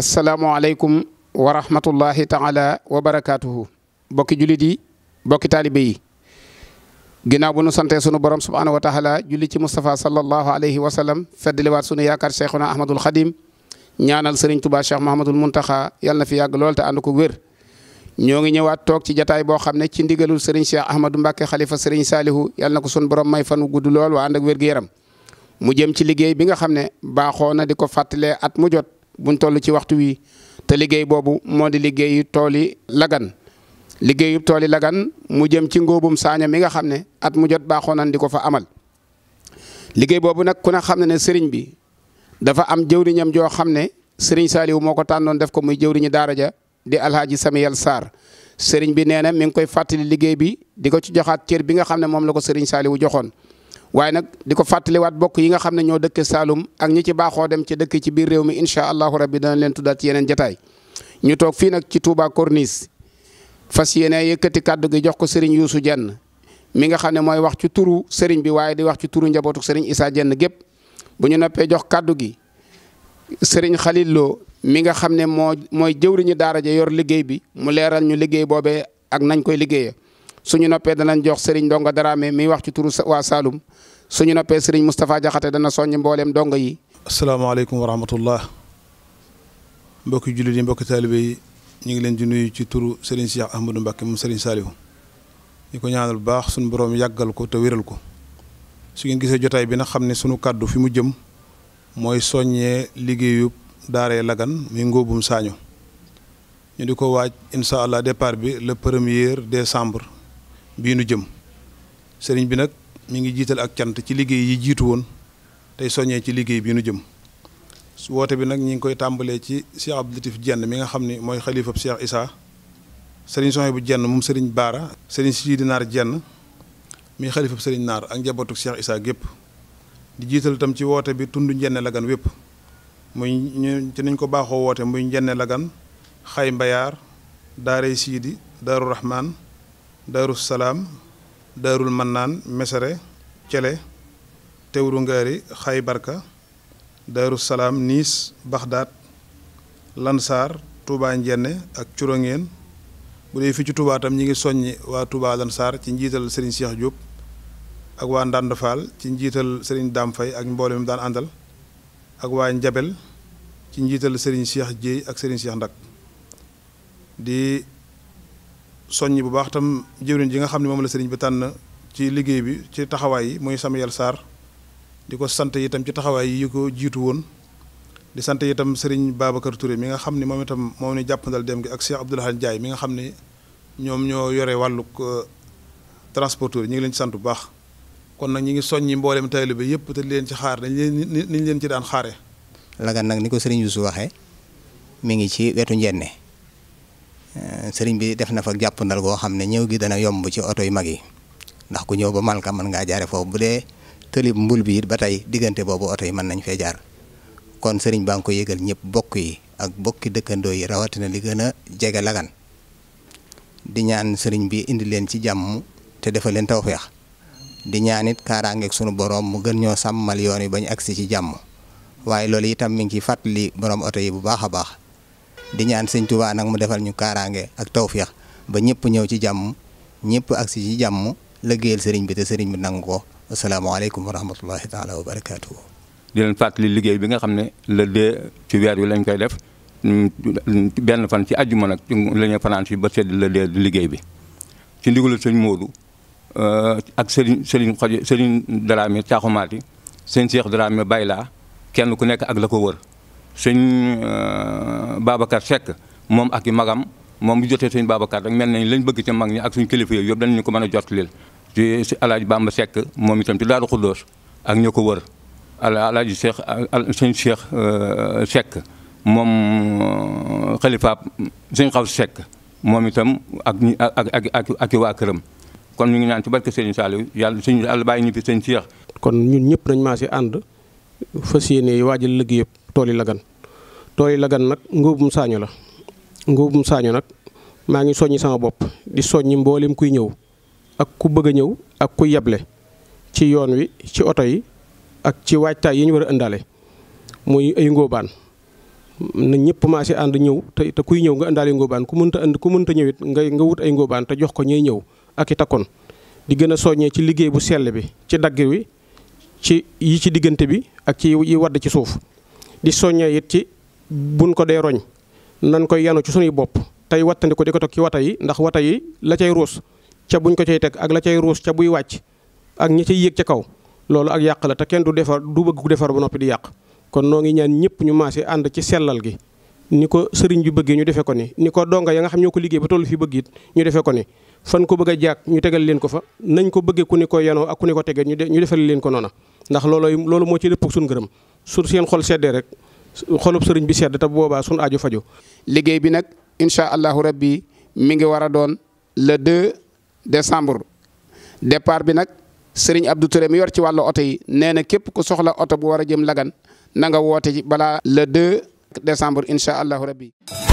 asalaamualeykum wa rahmatullahi taala wa barakaatuhu. bokki jullit yi bokki taalibe yi. ginnaaw bu nu santee sunu borom subhaanahu wa taala julli ci Moustapha sallallahu alayhi wa sallam feddliwaat sunu yaakaar cheikhuna Ahmadul Xadim ñaanal sëriñ Tuubaa cheikh Mahamadul Muntaxa yàlla na fi yàgg lool te ànd ko wér. ñoo ngi ñëwaat toog ci jataay boo xam ne ci ndigalul sëriñ Cheikh Ahmadou Mbacke xalifa sëriñ Saalihu yàlla na ko sun borom may fan gudd lool waa ànd ak yaram mu jëm ci liggéey bi nga xam ne baaxoo na di ko fàttalee at mu jot buñ toll ci waxtu wi te liggéey boobu moo di liggéeyu tooli lagan liggéeyu tooli lagan mu jëm ci ngóobum saaña mi nga xam ne at mu jot baaxoo nan di ko fa amal. liggéey boobu nag ku ne xam ne ne sëriñ bi dafa am jëwriñam joo xam ne sëriñ Saliou moo ko tànnoon def ko muy jëwriñu daara ja di alhaaji Samiyal saar sëriñ bi nee na mi ngi koy fàttali liggéey bi di ko ci joxaat cër bi nga xam ne moom la ko sëriñ Saliou joxoon. waaye nag di ko fàttaliwaat bokk yi nga xam ne ñoo dëkk Saalum ak ñi ci baaxoo dem ci dëkk ci biir réew mi incha allahu rabbi danañ leen tuddaat ci yeneen jataay ñu toog fii nag ci Touba korniis fas yéene yëkkati kàddu gi jox ko sëriñ Youssou jenn mi nga xam ne mooy wax ci turu Serigne bi waaye di wax ci turu njabootu Serigne Issa Dieng gépp bu ñu noppee jox kàddu gi sëriñ Khalil Lo mi nga xam ne moo mooy jëwriñu daara ja yor liggéey bi mu leeral ñu liggéey boobee ak nañ koy liggéeyee. suñu noppee danañ jox Serigne Ndonga Dramé mi wax ci turu waa Saloum suñu noppee Serigne Moustapha Diakhaté dana soññ mbooleem donga yi. asalaamaaleykum wa rahmatullah mbokki jullit yi mbokki taalibe yi ñu ngi leen di nuyu ci turu Serigne Cheikh Ahmadou Mbacké mu Serigne Saliou ñu ko ñaanal bu baax suñu borom yàggal ko te wéral ko su ngeen gisee jotaay bi na xam ne sunu kàddu fi mu jëm mooy soññee liggéeyub daaree Lagan muy ngóobum saaño ñu di ko waaj incha allah départ bi le premier décembre. bii nu jëm sëriñ bi nag mi ngi jiital ak cant ci liggéey yi jiitu woon tey soññee ci liggéey bii nu jëm woote bi nag ñi ngi koy tàmbalee ci Cheikh Abdou jenn mi nga xam ni mooy xalifab Cheikh Issa sëriñ bu jenn mu sëriñ Baara sëriñ Sidi Naar jenn mi xalifab sëriñ Naar ak njabootu Cheikh Issa gépp di jiital itam ci woote bi tund Njenne Lagan wépp muy ñu ci niñ ko baaxoo woote muy Njenne Lagan xay mbayaar daaray Sidi Daaru Rahman daaru salaam daarul mannaan mesere cele tewru ngaari xay barka daaru salaam niis baxdaat lansaar tuubaa njenne ak curangeen bu dee fii ci tam ñi ngi soññi waa Touba Lansar ci njiital Serigne Cheikh Diop ak waa Ndande ci njiital Serigne Dame ak mboole mi daan àndal ak waa Njabel ci njiital Serigne Cheikh Dieye ak Serigne Cheikh Ndak di soññ bu baax tam jëwriñ ji nga xam ne moom la sëriñ bi tànn ci liggéey bi ci taxawaay yi muy Samuel saar di ko sant itam ci taxawaay yi ko jiitu woon di sant itam sëriñ baabakar ture mi nga xam ni moom itam moom ni jàppandal dem gi ak si Cheikh Abdoulaye jaay mi nga xam ne ñoom ñoo yore wàllug euh, transporteur ñu ngi leen ci sant bu baax kon nag ñu ngi soññi mboolem taalibe bi yëpp te leen ci xaar dañ leen ni ñu leen ci daan xaare Lagan nag ni ko sëriñ Youssou mi ngi ci wetu Eh, sëriñ bi def na fa jàppandal goo xam ne ñëw gi dana yomb ci oto yu mag yi ndax ku ñëw ba Malka mën ngaa jaare foofu bu dee tëlib mbul bi it ba tey diggante boobu oto yi mën nañ fe jaar kon sëriñ baa ngi ko yëgal ñëpp bokk yi ak bokki dëkkandoo yi rawatina li gën a jege lagan di ñaan sëriñ bi indi leen ci jàmm te defal leen tawféex di ñaan it kaaraangeeg sunu borom mu gën ñoo sàmmal yoon yi bañ agsi ci jàmm waaye loolu itam mi ngi ciy fàttali borom oto yi bu baax a baax. di ñaan sëñ Touba nag mu defal ñu kaaraange ak tawféex ba ñëpp ñëw ci jàmm ñëpp agsi ci jàmm liggéeyal sëriñ bi te sëriñ bi nangu ko asalaamaaleykum wa rahmatullahi taala wa barakaatu. di leen fàttali liggéey bi nga xam ne le deux ci weer wi lañ koy def benn fan ci àjjuma nag la fanaan si ba sedd le deux liggéey bi ci ndigalu sëñ Moodu euh, ak sëriñ sëriñ xoj sëriñ Dramé Caaxumaati sëñ Cheikh Dramé Bayla kenn ku nekk ak la ko wër. sëñ euh, baabakar Seck moom ak yi magam moom bu jotee sëñ Babacar rek mel nañ lañ bëgg ca mag ñi ak suñ kilifa yooyu yëpp dañu ko mën a jot lil ci si alaaji Bamba sekk moom itam ci Daaru Xuddoos ak ñoo ko wër ala alaaji Seex sëñ Seex euh, Seck moom euh, xalifaab sëñ Xaw Seck moom itam ak ñi ak ak ak ak waa këram kon ñu ngi naan ci barke sëñ Saliou yàlla suñu àll bàyyi ñu fi sëñ Seex kon ñun ñëpp nañ maa si ànd fas yéene waajal liggéey yëpp tooli lagan tooli lagan nag ngóobum saañu la ngóobum saañu nag maa ngi soññi sama bopp di soññi mboolem kuy ñëw ak ku bëgg a ñëw ak ku yeble ci yoon wi ci oto yi ak ci waajtaay yi ñu war a ëndaale muy ay ngóobaan na ñëpp maa si ñëw te te kuy ñëw nga ëndaale ngóobaan ku mënta ànd ku mënta ñëwit nga nga wut ay ngóobaan te jox ko ñuy ñëw ak i takkoon di gën a soññee ci liggéey bu sell bi ci dagg wi ci yi ci diggante bi ak ci yi wadd ci suuf di soññee it ci buñ ko dee roñ nan ko yanu ci sunuy bopp tey wattandiku di ko teg ci wata yi ndax wata yi la cay ruus ca buñ ko cay teg ak la cay ruus ca buy wàcc ak ñi cay yéeg ca kaw loolu ak yàq la te kenn du defar du bëgg ku defar ba noppi di yàq kon noo ngi ñaan ñëpp ñu maase ànd ci gi ni ko sëriñ bi bëggee ñu defee ko ni ko donga ya nga xam ñoo ko liggéey ba tollu fi bëgg it ñu ko ni a jàkk ñu tegal leen ko fa nañ ko bëggee ku ni ko yanoo ak ku ni ko tegee ñu defal leen ko noona ndax loolooy loolu moo ci dëpp suñu ngërëm su seen xol seddee rek xolub sëriñ bi sedd te boobaa suñu aju fajo liggéey bi nag incha allahu rabbi mi ngi war a doon le 2 décembre depart bi nag sëriñ Abdou Touré mi yor ci wàllu oto yi nee na képp ku soxla oto bu war a jëm Lagan nanga woote ci balaa le 2 décembre incha allahu rabbi